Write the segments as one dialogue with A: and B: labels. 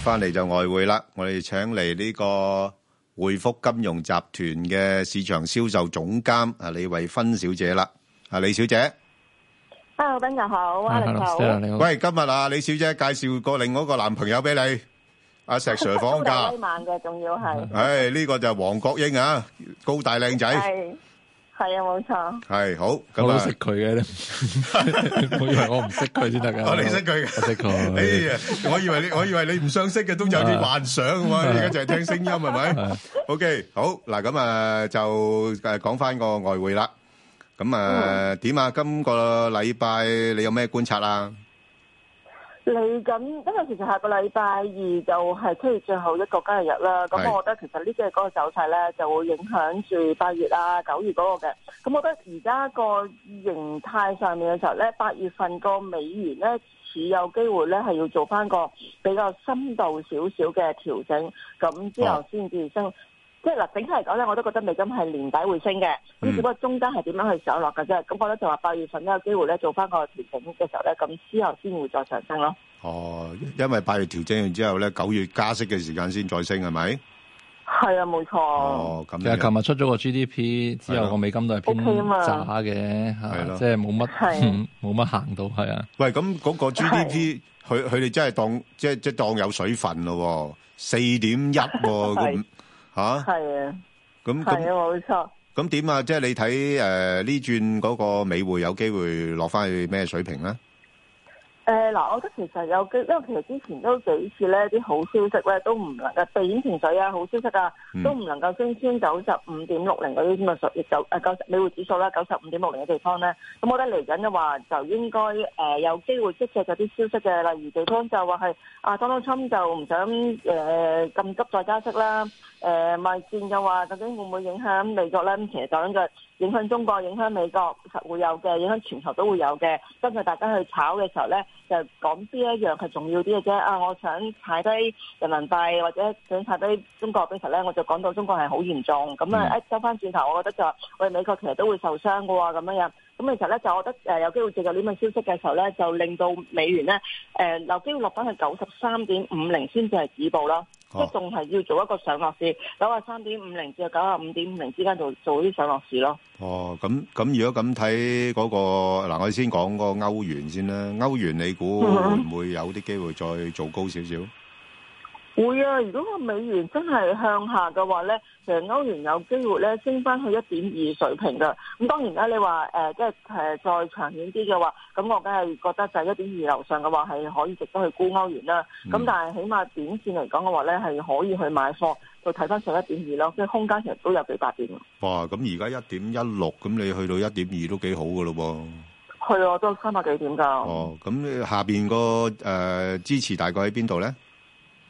A: 翻嚟就外匯啦，我哋請嚟呢個匯福金融集團嘅市場銷售總監啊李慧芬小姐啦，啊李小姐
B: ，Hello，檳城好，啊你好，你
A: 好，喂，今日啊李小姐介紹過另外一個男朋友俾你，阿石 Sir 放假，高大
B: 威猛嘅，仲
A: 要係，誒呢個就係黃國英啊，高大靚仔。係啊，冇錯。係好，咁我識佢嘅咧。我以為我唔識佢先得噶。哦，你識佢嘅，我識佢。哎呀，我以為你，我以為你唔相識嘅都有啲幻想喎。依家淨係聽聲音係咪？OK，好嗱，咁啊就講翻個外匯啦。咁啊點啊？今個禮拜你有咩觀察啊？
B: 嚟緊，因為其實下個禮拜二就係七月最後一個交易日啦。咁我覺得其實呢幾日嗰個走勢咧，就會影響住八月啊、九月嗰個嘅。咁我覺得而家個形態上面嘅時候咧，八月份個美元咧，似有機會咧係要做翻個比較深度少少嘅調整，咁之後先至升。啊即係嗱，整體嚟講咧，我都覺得美金係年底會升嘅，咁、嗯、只不過中間係點樣去走落嘅啫。咁我覺得就話八月份都有機會咧做翻個調整嘅時候
A: 咧，咁之後先會再上升咯。哦，因為八月調整完之後咧，九月加息嘅時間先再升係咪？
B: 係啊，冇錯。哦，咁。即係琴
C: 日出咗個 G D P 之後，個、啊、美金都係偏窄、okay、嘅，係咯、啊，即係冇乜，
A: 冇乜行到，係啊。喂，咁嗰個 G D P，佢佢哋真係當，即係即係當有水分咯，四點一喎。吓，
B: 係啊，咁，係啊，冇錯。
A: 咁點啊？即係你睇誒呢轉嗰個美匯有機會落翻去咩水平咧？誒，嗱，
B: 我覺得其實有機，因為其實之前都幾次咧，啲好消息咧都唔能夠避險情緒啊，好消息啊，嗯、都唔能夠升穿九十五點六零嗰啲咁嘅數，亦就誒九十美匯指數啦，九十五點六零嘅地方咧，咁我覺得嚟緊嘅話，就應該誒、呃、有機會積極咗啲消息嘅，例如地方就話係啊，特朗普就唔想誒咁、呃、急再加息啦，誒咪見嘅話，究竟會唔會影響美國咧？咁其實就。緊嘅。影響中國、影響美國係會有嘅，影響全球都會有嘅。跟住大家去炒嘅時候咧，就講邊一樣係重要啲嘅啫。啊，我想踩低人民幣，或者想踩低中國嘅時候呢，其實咧我就講到中國係好嚴重。咁、嗯、啊，一收翻轉頭，我覺得就係我哋美國其實都會受傷嘅喎，咁樣樣。咁、嗯、其實咧就我覺得誒有機會接受呢份消息嘅時候咧，就令到美元咧誒有機會落翻去九十三點五零先至係止步囉。即仲係要做一個上落市，九十三點五零至到九十五點五零之間做做啲上落
A: 市咯。哦，咁咁如果咁睇嗰個，嗱我哋先講個歐元先啦。歐元你估會唔會有啲機會再做高少少？嗯
B: 會啊！如果個美元真係向下嘅話咧，其實歐元有機會咧升翻去，啊呃就是呃，一點二水平噶。咁當然啦，你話誒，即係誒，再長遠啲嘅話，咁我梗係覺得就係一點二樓上嘅話係可以值得去沽歐元啦。咁，嗯，但係起碼短線嚟講嘅話咧，係可以去買貨，就睇翻上一點二咯。即係空間其實都有幾百點。
A: 哇！咁而家一點一六，咁你去到一點二都幾好噶咯噃。
B: 去啊，都三百幾點噶。哦，
A: 咁下邊個誒支持大概喺邊度咧？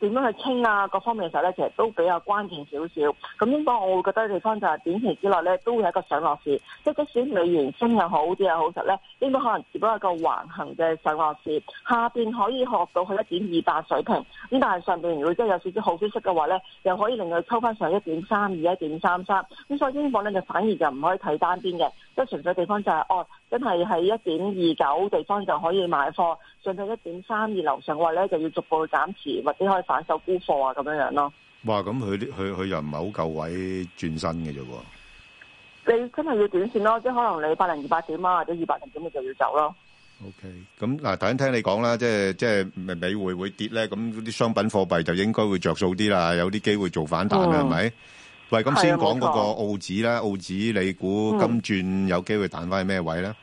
B: 點樣去清啊？各方面嘅時候咧，其實都比較關鍵少少。咁英國，我會覺得嘅地方就係短期之內咧，都會有一個上落市。即即使美元今日又好啲又好實咧，應該可能只不過係一個橫行嘅上落市。下面可以學到去一點二八水平，咁但係上面如果真係有少少好消息嘅話咧，又可以令佢抽翻上一點三二、一點三三。咁所以英國咧，就反而就唔可以睇單邊嘅。即係純粹地方就係哦，真係喺一點二九地方就可以買貨，上到一點三二樓上嘅話咧，就要逐步去減持或者可以反手沽貨啊，咁樣樣咯。
A: 哇！咁佢佢佢又唔係好夠位轉身嘅啫
B: 喎。你真係要短線咯，即係可能你八零二八點啊，或者二百零點你就要走咯。
A: O K，咁嗱，頭先聽你講啦，即係即係咪美匯會跌咧，咁啲商品貨幣就應該會著數啲啦，有啲機會做反彈啦，係咪？喂，咁先講嗰個澳紙啦、啊，澳紙你估今轉有機會彈翻去咩位咧、
B: 嗯？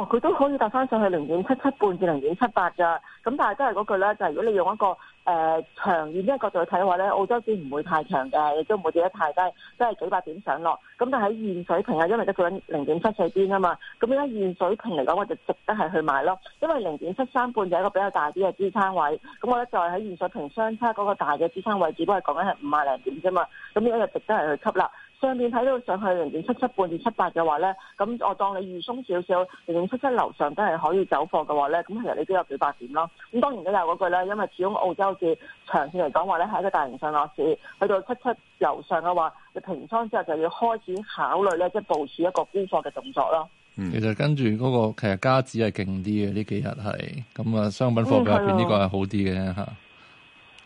B: 哦，佢都可以彈翻上去零點七七半至零點七八咋，咁但係都係嗰句咧，就係、如果你用一個。誒、呃、長遠呢個角度去睇嘅話咧，澳洲股唔會太強嘅，亦都唔會跌得太低，都係幾百點上落。咁但喺現水平啊，因為得個零點七四邊啊嘛，咁咧現，現水平嚟講，我就值得係去買咯。因為零點七三半就係一個比較大啲嘅支撐位。咁我咧就係喺現水平相差嗰個大嘅支撐位，只不過係講緊係五十零點啫嘛。咁呢個就值得係去吸啦。上面睇到上去零點七七半至七八嘅話咧，咁我當你預鬆少少，零點七七樓上都係可以走貨嘅話咧，咁其實你都有幾百點咯。咁當然都有嗰句咧，因為始終澳洲紙長線嚟講話咧係一個大型上落市，去到七七樓上嘅話，你平倉之後就要開始考慮咧，即係部署一個沽貨嘅動作咯、
C: 嗯。其實跟住嗰、嗰個其實加紙係勁啲嘅呢幾日係，咁啊商品貨幣入邊呢個係好啲嘅嚇。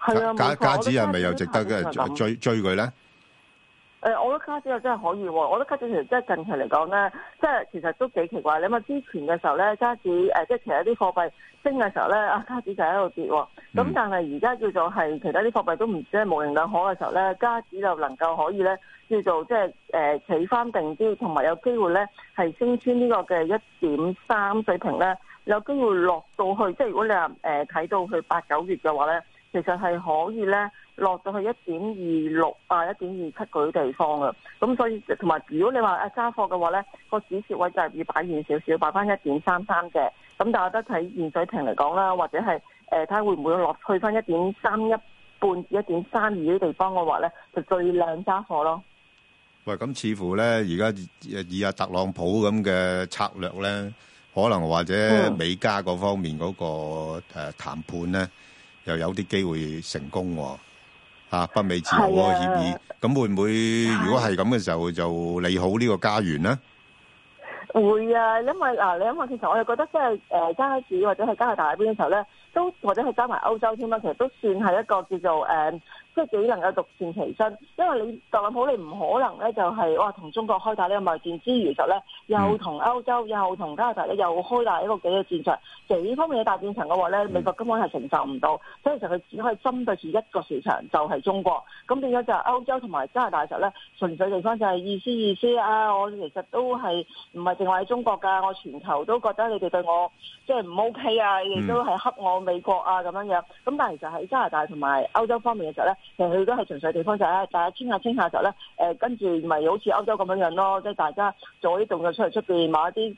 C: 係啊，
B: 加
C: 加紙係咪又值得嘅
A: 追追佢咧？
B: 誒我覺得加紙又真係可以喎。我覺得加紙其實真係近期嚟講咧，即係其實都幾奇怪。你咪之前嘅時候咧，加紙即係、呃、其他啲貨幣升嘅時候咧，啊加紙就喺度跌喎。咁但係而家叫做係其他啲貨幣都唔即係模棱兩可嘅時候咧，加紙就能夠可以咧叫做即係起企翻定啲，同埋有，有機會咧係升穿呢個嘅一點三水平咧，有機會落到去。即、就、係、是、如果你話睇、呃、到去八九月嘅話咧，其實係可以咧。落到去一點二六啊，一點二七嗰啲地方啊，咁所以同埋如果你話啊揸貨嘅話咧，個止蝕位就係要擺遠少少，擺翻一點三三嘅。咁但係我覺得睇現水平嚟講啦，或者係誒睇下會唔會落去翻一點三一半一點三二啲地方嘅話咧，就最靚揸貨咯。
A: 喂，咁似乎咧而家以阿特朗普咁嘅策略咧，可能或者美加嗰方面嗰、嗰個誒、嗯、談判咧又有啲機會成功喎、哦。啊，北美自貿嘅協議，咁會唔會如果係咁嘅時候就利好呢個加元咧？
B: 會啊，因為嗱，你諗下其實我哋覺得即係誒加市或者係加拿大嗰邊嘅時候咧，都或者係加埋歐洲添啦，其實都算係一個叫做誒。即係只能夠獨善其身，因為你特朗普你唔可能咧就係、是、哇同中國開打呢個貿易戰之餘，就咧又同歐洲又同加拿大又開打一個幾個戰場，幾方面嘅大戰場嘅話咧，美國根本係承受唔到，所以其實佢只可以針對住一個市場，就係、是、中國。咁變咗就係歐洲同埋加拿大嘅時候咧，純粹地方就係意思意思啊！我其實都係唔係淨係喺中國㗎，我全球都覺得你哋對我即係唔 OK 啊，亦都係恰我美國啊咁樣樣。咁但係其實喺加拿大同埋歐洲方面嘅時候咧。其實佢都係純粹地方就係大家傾下傾下就咧，跟住咪好似歐洲咁樣囉，咯，即係大家做啲動作出嚟出面買一啲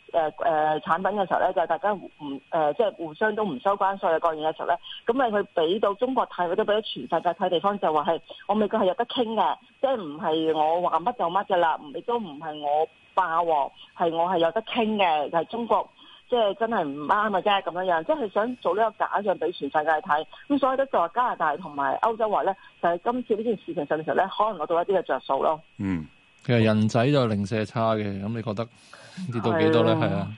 B: 產品嘅時候咧，就大家唔即係互相都唔收關稅嘅各樣嘅時候咧，咁咪佢俾到中國睇，佢都俾咗全世界睇地方就話係我美國係有得傾嘅，即係唔係我話乜就乜嘅啦，亦都唔係我霸王，係我係有得傾嘅，係、就係、中國。即係真係唔啱啊！即係咁樣樣，即係想做呢個假象俾全世界睇，咁所以咧就話加拿大同埋歐洲話咧，就係今次呢件事情上嚟講咧，可能攞到一啲嘅着數咯。嗯，
C: 其實人仔就零舍差嘅，咁你覺得跌到幾多咧？係啊。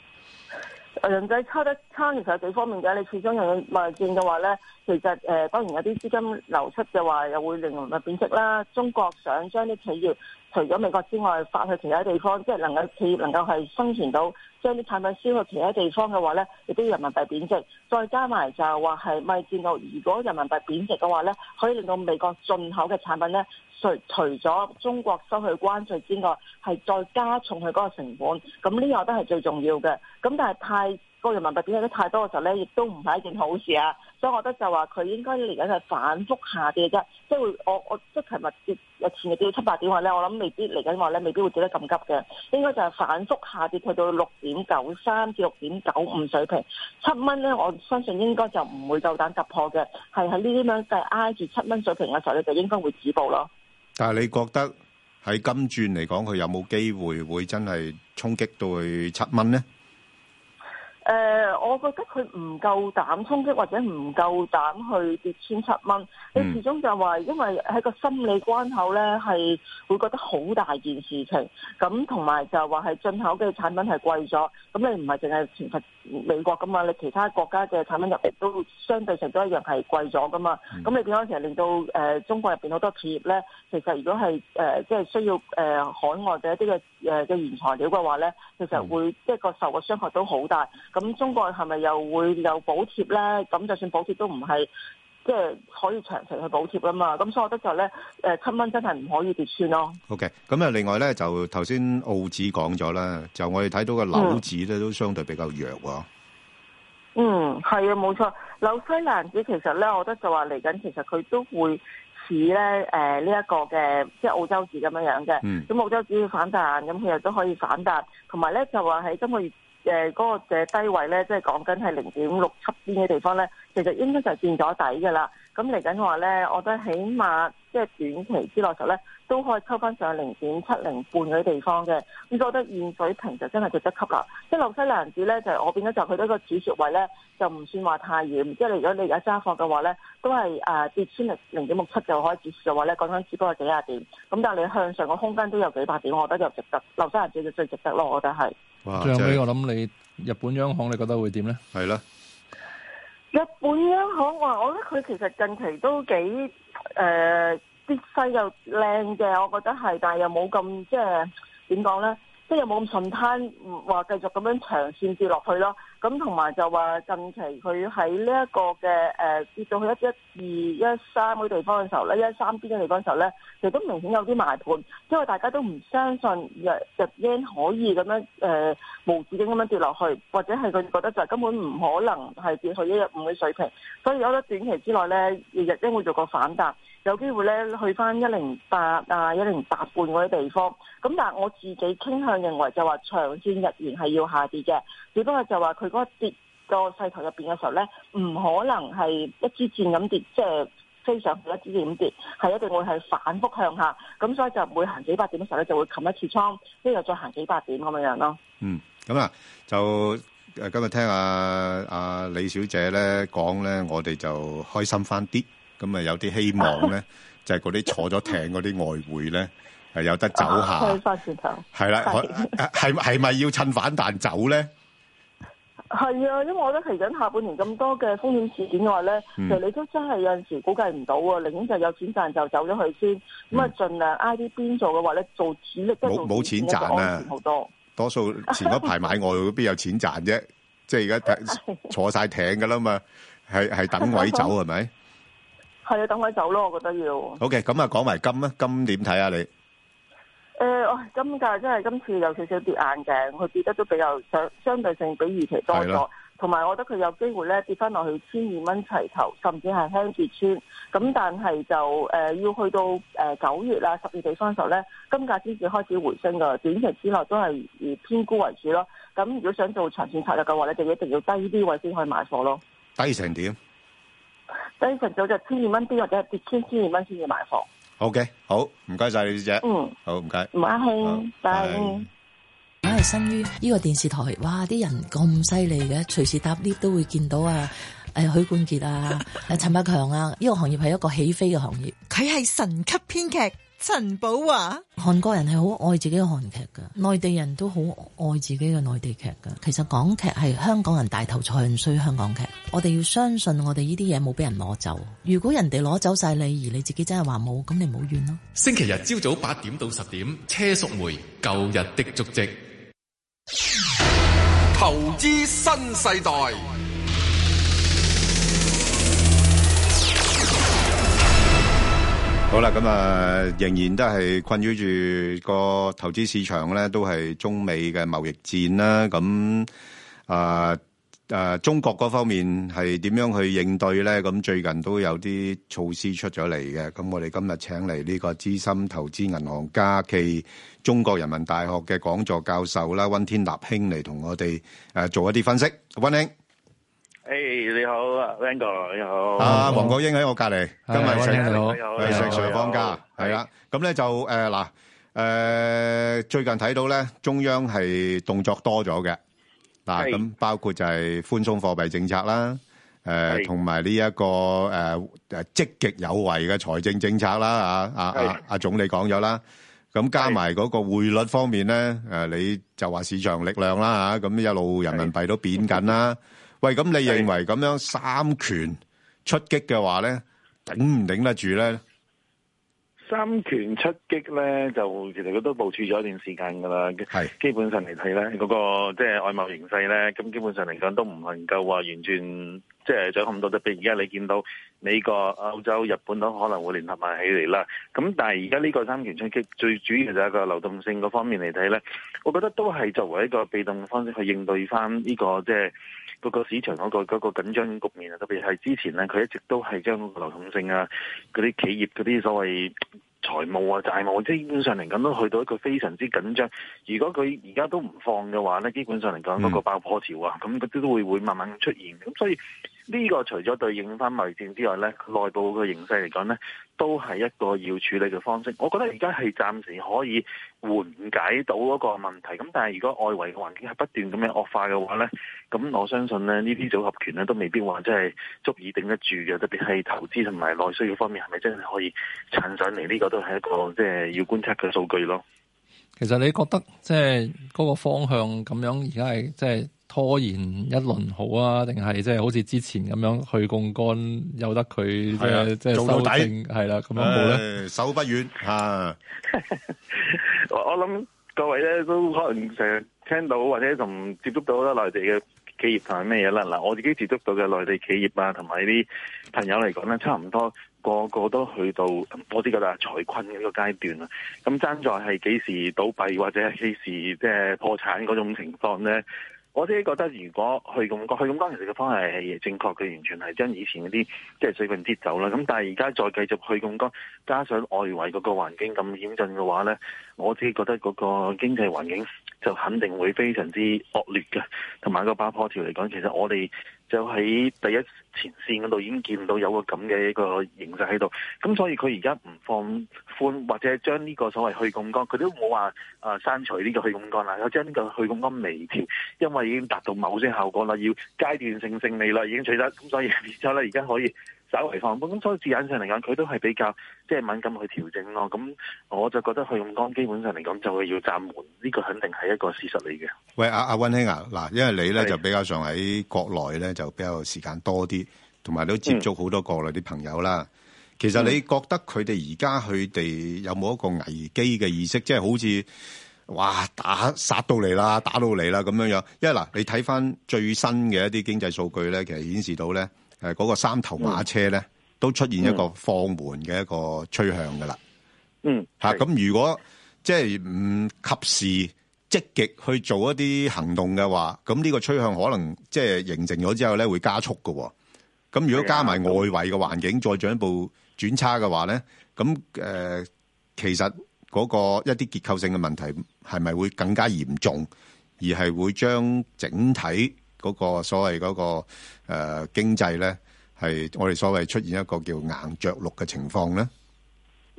B: 人仔抽得差，其實有幾方面嘅。你始終用外匯嘅話咧，其實誒、呃、當然有啲資金流出嘅話，又會令到人民幣貶值啦。中國想將啲企業除咗美國之外發去其他地方，即係能夠企業能夠係生存到將啲產品銷去其他地方嘅話咧，亦都要人民幣貶值。再加埋就係話係貿易戰後，如果人民幣貶值嘅話咧，可以令到美國進口嘅產品咧。除咗中國收取關稅之外，係再加重佢嗰個成本，咁呢個都係最重要嘅。咁但係太高人民幣跌得太多嘅時候咧，亦都唔係一件好事啊。所以我覺得就話佢應該嚟緊係反復下跌啫，即係我我即係琴日跌前日跌到七八點話咧，我諗未必嚟緊話咧未必會跌得咁急嘅，應該就係反復下跌去到六點九三至六點九五水平，七蚊咧我相信應該就唔會夠膽突破嘅，係喺呢啲咁樣計挨住七蚊水平嘅時候咧，就應該會止步咯。
A: 但係你覺得喺金轉嚟講，佢有冇機會會真係衝擊到去七蚊呢？
B: 誒、呃，我覺得佢唔夠膽衝擊，或者唔夠膽去跌穿七蚊。你始終就話，因為喺個心理關口呢，係會覺得好大一件事情。咁同埋就話係進口嘅產品係貴咗，咁你唔係淨係全幅。美國㗎嘛，你其他國家嘅產品入嚟都相對上都一樣係貴咗噶嘛，咁你變咗成日令到誒、呃、中國入邊好多企業咧，其實如果係誒、呃、即係需要誒、呃、海外嘅一啲嘅誒嘅原材料嘅話咧，其實會即係個受嘅傷害都好大。咁中國係咪又會有補貼咧？咁就算補貼都唔係。即、就、係、是、可以長期去補貼啦嘛，咁所以我覺得就咧，誒七蚊真係唔可以跌穿咯。
A: OK，咁啊，另外咧就頭先澳紙講咗啦，就我哋睇到個樓紙咧都相對比較弱
B: 喎、哦。嗯，係啊，冇錯，紐西蘭紙其實咧，我覺得就話嚟緊，其實佢都會似咧誒呢一個嘅即係澳洲紙咁樣樣嘅。咁澳洲紙要反彈，咁其實都可以反彈，同埋咧就話喺今個月。誒、呃、嗰、那個嘅低位咧，即係講緊係零點六七邊嘅地方咧，其實應該就係見咗底噶啦。咁嚟緊話咧，我覺得起碼即係短期之內實咧，都可以抽翻上零點七零半嗰啲地方嘅。咁覺得現水平就真係值得吸啦。即係紐西蘭指咧，就我變咗就佢得個止蝕位咧，就唔、是、算話太遠。即係你如果你而家揸貨嘅話咧，都係誒、呃、跌穿零點六七就可以止蝕嘅話咧，講緊只不過幾十點。咁但係你向上嘅空間都有幾百點，我覺得就值得。紐西蘭指就最值得咯，我覺得係。
C: 最後屘、就是，我諗你日本央行你覺得會點咧？係啦，
B: 日本央行我，我覺得佢其實近期都幾誒，啲、呃、勢又靚嘅，我覺得係，但係又冇咁即係點講咧，即係又冇咁順攤話繼續咁樣長線接落去咯。咁同埋就話近期佢喺呢一個嘅誒跌到去一一二一三嗰啲地方嘅時候咧，一三邊嘅地方嘅時候咧，其實都明顯有啲埋盤，因為大家都唔相信日日円可以咁樣誒、呃、無止境咁樣跌落去，或者係佢覺得就根本唔可能係跌去一日五嘅水平，所以我覺得短期之內咧，日日円會做個反彈，有機會咧去翻一零八啊、一零八半嗰啲地方。咁但係我自己傾向認為就話長線日元係要下跌嘅，只不過就話佢。如果跌個勢頭入邊嘅時候咧，唔可能係一支箭咁跌，即係飛上去一枝箭咁跌，係、就是、一,一定會係反覆向下。咁所以就每行幾百點嘅時候咧，就會冚一次倉，之後再行幾百點咁樣樣咯。嗯，
A: 咁啊，就今日聽阿阿李小姐咧講咧，我哋就開心翻啲，咁啊有啲希望咧，就係嗰啲坐咗艇嗰啲外匯咧，係有得走下。開
B: 翻轉頭係啦，
A: 係係咪要趁反彈走咧？
B: 係啊，因為我覺得係緊下半年咁多嘅風險事件嘅話咧、嗯，其實你都真係有陣時估計唔到啊。寧願就有錢賺就走咗去先，咁啊盡量挨啲邊做嘅話咧，做主力都冇冇錢賺啊！好
A: 多多數前嗰排買外邊 有錢賺啫，即係而家坐晒艇㗎啦嘛，係 係等位走係咪？
B: 係啊，等位走咯，我覺得要。OK，
A: 咁啊講埋金啦，金點睇啊你？
B: 誒、呃，我金價真係今次有少少跌眼鏡嘅，佢跌得都比較相相對性比預期多咗，同埋我覺得佢有機會咧跌翻落去千二蚊齊頭，甚至係輕跌穿。咁但係就誒要去到誒九月啊、十月地方時候咧，金價先至開始回升噶。短期之內都係以偏估為主咯。咁如果想做長線策略嘅話咧，就一定要低啲位先可以買貨咯。
A: 低成點？
B: 低成咗就千二蚊啲，或者係跌穿千二
A: 蚊先要買貨。OK，好，唔該晒，李小姐，嗯，好，唔該，唔客氣，拜，
B: 拜，我係新於呢個電視台，哇，啲人咁犀利嘅，隨時搭 lift 都會見到啊，誒、啊，許冠傑啊，陳、 啊、陳百強啊，呢、呢個行業係一個起飛嘅行業，佢係神級編劇。陳寶華，韓國人係好愛自己嘅韓劇噶，內地人都好愛自己嘅內地劇噶。其實港劇係香港人大頭財，才需香港劇。我哋要相信我哋呢啲嘢冇俾人攞走。如果人哋攞走晒你，而你自
C: 己真係話冇，咁你唔好怨咯。星期日朝早八點到十點，車淑梅，舊日的足跡，投資新世代。
A: 好啦，咁啊，仍然都係困擾住個投資市場咧，都係中美嘅貿易戰啦。咁啊、呃呃、中國嗰方面係點樣去應對咧？咁最近都有啲措施出咗嚟嘅。咁我哋今日請嚟呢個資深投資銀行家，暨中國人民大學嘅講座教授啦，溫天納兄嚟同我哋誒做一啲分析，溫兄。
D: 誒，你好，Rango，你好。阿黃國英喺
A: 我隔籬，今日黃國英你好，係正常放假係啦。咁咧就誒嗱誒，最近睇到咧中央係動作多咗嘅嗱，咁包括就係寬鬆貨幣政策啦，誒同埋呢一個誒誒積極有為嘅財政政策啦。啊啊啊，阿總理講咗啦，咁加埋嗰個匯率方面咧，誒你就話市場力量啦吓，咁一路人民幣都貶緊啦。喂，咁你認為咁樣三拳出擊嘅話咧，頂唔頂得住咧？
D: 三拳出擊咧，就其實佢都部署咗一段時間噶啦。係基本上嚟睇咧，嗰個即係外貿形勢咧，咁基本上嚟講都唔能夠話完全。即係再咁多，特譬如而家你見到美國、歐洲、日本都可能會聯合埋起嚟啦。咁但係而家呢個三權衝擊，最主要就係個流動性嗰方面嚟睇咧。我覺得都係作為一個被動嘅方式去應對翻呢個即係嗰個市場嗰個嗰個緊張局面啊。特別係之前咧，佢一直都係將流動性啊、嗰啲企業嗰啲所謂財務啊、債務，即係基本上嚟講都去到一個非常之緊張。如果佢而家都唔放嘅話咧，基本上嚟講嗰個爆破潮啊，咁嗰啲都會會慢慢出現。咁所以。呢、這個除咗對應翻貿戰之外咧，內部嘅形勢嚟講咧，都係一個要處理嘅方式。我覺得而家係暫時可以緩解到嗰個問題，咁但係如果外圍嘅環境係不斷咁樣惡化嘅話咧，咁我相信咧呢啲組合權咧都未必話真係足以頂得住嘅，特別係投資同埋內需嘅方面係咪真係可以撐上嚟？呢、這個都係一個即係要觀察嘅數據咯。
C: 其實你覺得即係嗰個方向咁樣而家係即係？現在是就是拖延一輪好啊？定係即係好似之前咁樣去槓桿有得佢即係即係底係啦咁樣冇咧，
A: 手、哎、不遠啊！ 我諗各位咧
D: 都可能成日聽到或者同接觸到好多內地嘅企業同係咩嘢啦。嗱，我自己接觸到嘅內地企業啊，同埋啲朋友嚟講咧，差唔多個個都去到我哋叫做財困嗰個階段啦。咁爭在係幾時倒閉或者係幾時即係破產嗰種情況咧？我自己覺得，如果去咁多去咁多其實嘅方係係正確嘅，完全係將以前嗰啲即係水平跌走啦。咁但係而家再繼續去咁多，加上外圍嗰個環境咁險峻嘅話呢，我自己覺得嗰個經濟環境就肯定會非常之惡劣嘅。同埋個八破條嚟講，其實我哋。就喺第一前線嗰度已經見到有個咁嘅一個形勢喺度，咁所以佢而家唔放寬或者將呢個所謂去槓桿，佢都冇話誒刪除呢個去槓桿啦，佢將呢個去槓桿微調，因為已經達到某些效果啦，要階段性勝利啦，已經取得，咁所以然之後咧而家可以。稍微放寬，咁所以字眼上嚟講，佢都係比較即係敏感去調整咯。咁我就覺得佢咁講，基本上嚟講就會要暫緩，呢、這個肯定係一個事實嚟嘅。
A: 喂，阿阿温兄啊，嗱、啊，因為你咧就比較上喺國內咧，就比較時間多啲，同埋都接觸好多國內啲朋友啦、嗯。其實你覺得佢哋而家佢哋有冇一個危機嘅意識？即、就、係、是、好似哇打殺到嚟啦，打到嚟啦咁樣樣。因為嗱，你睇翻最新嘅一啲經濟數據咧，其實顯示到咧。誒，嗰個三頭馬車咧、嗯，都出現一個放緩嘅一個趨向噶啦。嗯，吓咁、啊、如果即係唔及時積極去做一啲行動嘅話，咁呢個趨向可能即係、即係、形成咗之後咧，會加速喎、哦。咁如果加埋外圍嘅環境再進一步轉差嘅話咧，咁誒、呃，其實嗰個一啲結構性嘅問題係咪會更加嚴重，而係會將整體嗰個所謂嗰、嗰個？誒、呃，經濟咧係我哋所謂出現一個叫硬着陸嘅情況咧。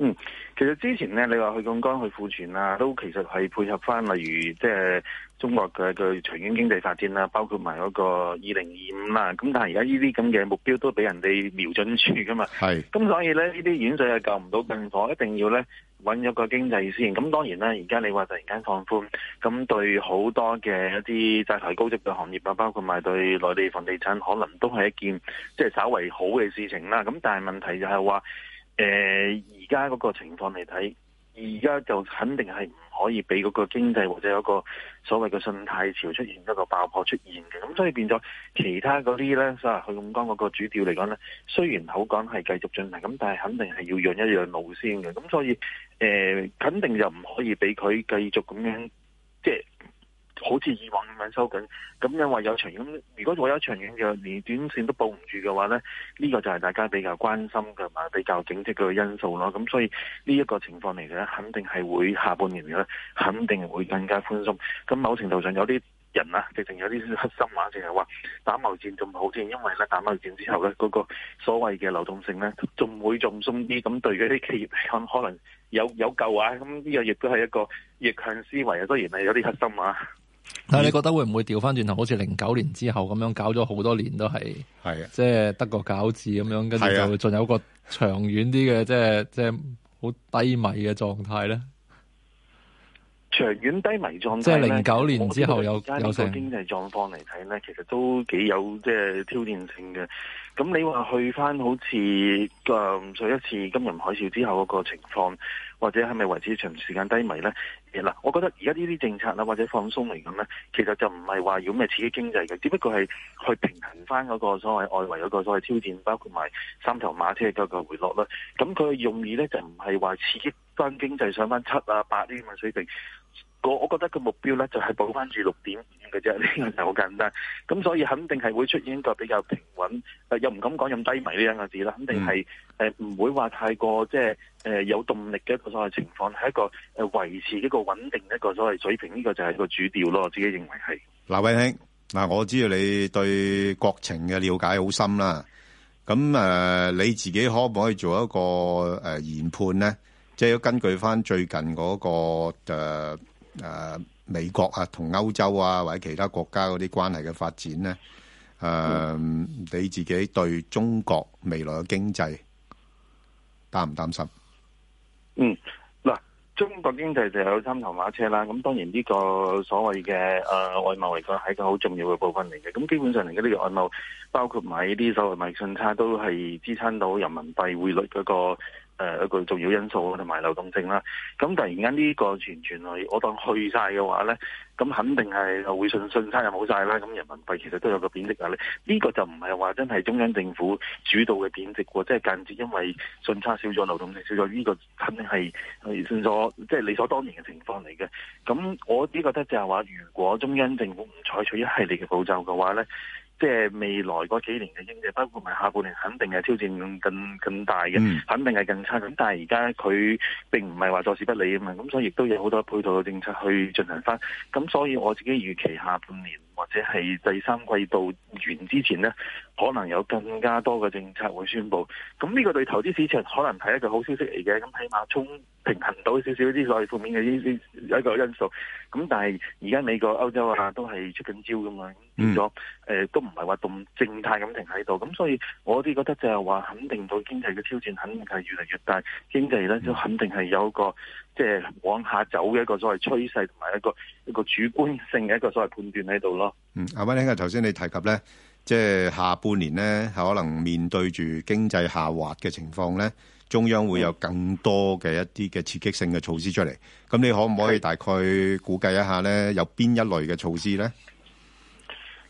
A: 嗯，
D: 其實之前咧，你話去槓桿去庫存啊，都其實係配合翻例如即係、就是、中國嘅嘅長遠經濟發展啦、啊，包括埋嗰個二零二五啦。咁但係而家呢啲咁嘅目標都俾人哋瞄準住噶嘛。係。咁所以咧，呢啲遠水係救唔到近火，一定要咧。揾咗個經濟先，咁當然啦，而家你話突然間放寬，咁對好多嘅一啲債台高築嘅行業啊，包括埋對內地房地產，可能都係一件即係、就是、稍為好嘅事情啦。咁但係問題就係話，誒而家嗰個情況嚟睇。而家就肯定係唔可以俾嗰個經濟或者有一個所謂嘅信貸潮出現一個爆破出現嘅，咁所以變咗其他嗰啲咧，啊，去五江嗰個主調嚟講咧，雖然口講係繼續進行，咁但係肯定係要讓一讓路先嘅，咁所以誒、呃，肯定就唔可以俾佢繼續咁樣即係，好似以往咁樣收緊，咁因為有長遠，如果我有長遠嘅連短線都保唔住嘅話呢呢、呢個就係大家比較關心嘅嘛，比較警惕嘅因素咯。咁所以呢一個情況嚟嘅肯定係會下半年嘅，肯定會更加寬鬆。咁某程度上有啲人啊，直情有啲黑心話、啊，淨係話打貿戰仲好啲，因為咧打貿戰之後呢嗰、嗰個所謂嘅流動性呢，仲會仲鬆啲，咁對嗰啲企業嚟講可能有有救啊。咁呢個亦都係一個逆向思維啊，當然係有啲黑心話啊。
C: 嗯、但係你覺得會唔會調翻轉頭？好似零九年之後咁樣搞咗好多年都係，係啊，即係得個餃子咁樣，跟住就仲有個長遠啲嘅，即係即係好低迷嘅狀態咧。
D: 長遠低迷狀態即係零九年之後有，加上經濟狀況嚟睇咧，其實都幾有即係挑戰性嘅。咁你話去翻好似、嗯，上一次金融海嘯之後嗰個情況。或者係咪維持長時間低迷呢？嗱，我覺得而家呢啲政策啦，或者放鬆嚟咁呢，其實就唔係話要咩刺激經濟嘅，只不過係去平衡翻嗰個所謂外圍嗰個所謂挑戰，包括埋三頭馬車嘅一個回落啦。咁佢嘅用意呢，就唔係話刺激翻經濟上翻七啊八啲咁嘅水平。我我覺得個目標咧就係保翻住六點五嘅啫，呢個就好簡單。咁所以肯定係會出現一個比較平穩，誒又唔敢講咁低迷呢兩個字啦。肯定係誒唔會話太過即係誒有動力嘅一個所謂情況，係一個誒維持一個穩定一個所謂水平。呢個就係個主調咯。我自己認為係。
A: 嗱，偉興，嗱，我知道你對國情嘅瞭解好深啦。咁誒，你自己可唔可以做一個誒研判咧？即係要根據翻最近嗰個誒。誒、呃，美國啊，同歐洲啊，或者其他國家嗰啲關係嘅發展咧，誒、呃嗯，你自己對中國未來嘅經濟擔唔擔心？嗯，
D: 嗱，中國經濟就有三頭馬車啦。咁當然呢個所謂嘅誒外貿嚟講係一個好重要嘅部分嚟嘅。咁基本上嚟講呢個外貿包括買呢啲所謂貿易順差都係支撐到人民幣匯率嗰個誒一個重要因素同埋流動性啦，咁突然間呢個存存我當去晒嘅話呢，咁肯定係會信信差又冇晒啦，咁人民幣其實都有個貶值壓力，呢個就唔係話真係中央政府主導嘅貶值喎，即係間接因為信差少咗，流動性少咗，呢個肯定係係變咗，即係理所當然嘅情況嚟嘅。咁我覺得就係話，如果中央政府唔採取一系列嘅步驟嘅話呢。即係未來嗰幾年嘅經濟，包括埋下半年肯定係挑戰更更大嘅，肯定係更差咁。但係而家佢並唔係話坐視不理啊嘛，咁所以亦都有好多配套嘅政策去進行返。咁所以我自己預期下半年。或者係第三季度完之前呢，可能有更加多嘅政策會宣布。咁呢個對投資市場可能係一個好消息嚟嘅。咁起碼沖平衡到一些少少啲所謂負面嘅呢啲一個因素。咁但係而家美國、歐洲啊都係出緊招㗎嘛，變咗誒都唔係話動靜態咁停喺度。咁所以我哋覺得就係話，肯定到經濟嘅挑戰肯定係越嚟越大，經濟咧就肯定係有一個。即係往下走嘅一個所謂趨勢，同埋一個一個主觀性嘅一個所謂判斷喺度咯。
A: 嗯，阿溫兄，頭先你提及咧，即係下半年咧，可能面對住經濟下滑嘅情況咧，中央會有更多嘅一啲嘅刺激性嘅措施出嚟。咁你可唔可以大概估計一下咧，有邊一類嘅措施咧？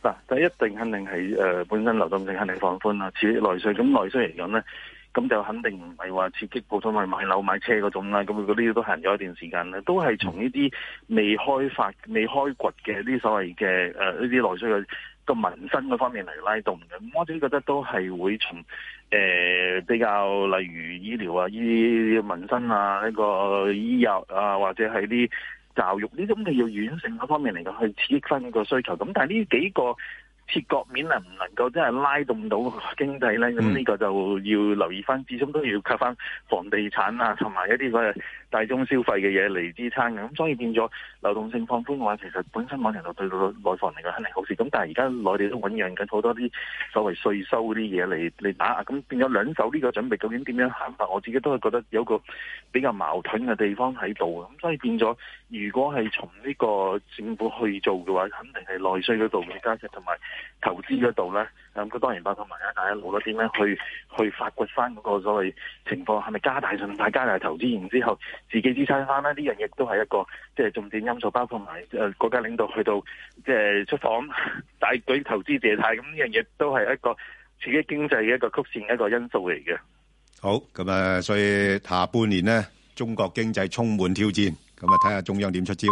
D: 嗱，一定肯定係誒、呃，本身流動性肯定放寬啦，似內稅咁內稅嚟講咧。那咁就肯定唔係話刺激普通去買樓買車嗰種啦，咁佢呢啲都行咗一段時間啦，都係從呢啲未開發、未開掘嘅呢所謂嘅誒呢啲內需嘅個民生嗰方面嚟拉動嘅。咁我自己覺得都係會從誒、呃、比較例如醫療啊、呢啲民生啊、呢個醫藥啊，或者係啲教育呢種嘅要軟性嗰方面嚟去刺激翻個需求。咁但係呢幾個。切角面能唔能夠真係拉動到經濟咧？咁、嗯、呢個就要留意翻，始終都要靠翻房地產啊，同埋一啲、嗰大宗消費嘅嘢嚟支撐嘅，咁所以變咗流動性放寬嘅話，其實本身某程度對到內房嚟講肯定好事。咁但係而家內地都醞釀緊好多啲所謂稅收啲嘢嚟嚟打壓，咁變咗兩手呢個準備究竟點樣行法？我自己都係覺得有個比較矛盾嘅地方喺度。咁所以變咗，如果係從呢個政府去做嘅話，肯定係內需嗰度嘅加劇同埋投資嗰度咧。咁當當然包括埋啊，大家攞點咩去去發掘翻嗰個所謂情況，係咪加大信貸、加大投資，然之後自己支撐翻呢呢樣嘢都係一個即係重點因素，包括埋誒國家領導去到即係出訪大舉投資借貸，咁呢樣嘢都係一個自己經濟嘅一個曲線嘅一個因素嚟嘅。
A: 好，咁啊，所以下半年呢，中國經濟充滿挑戰，咁啊，睇下中央點出招。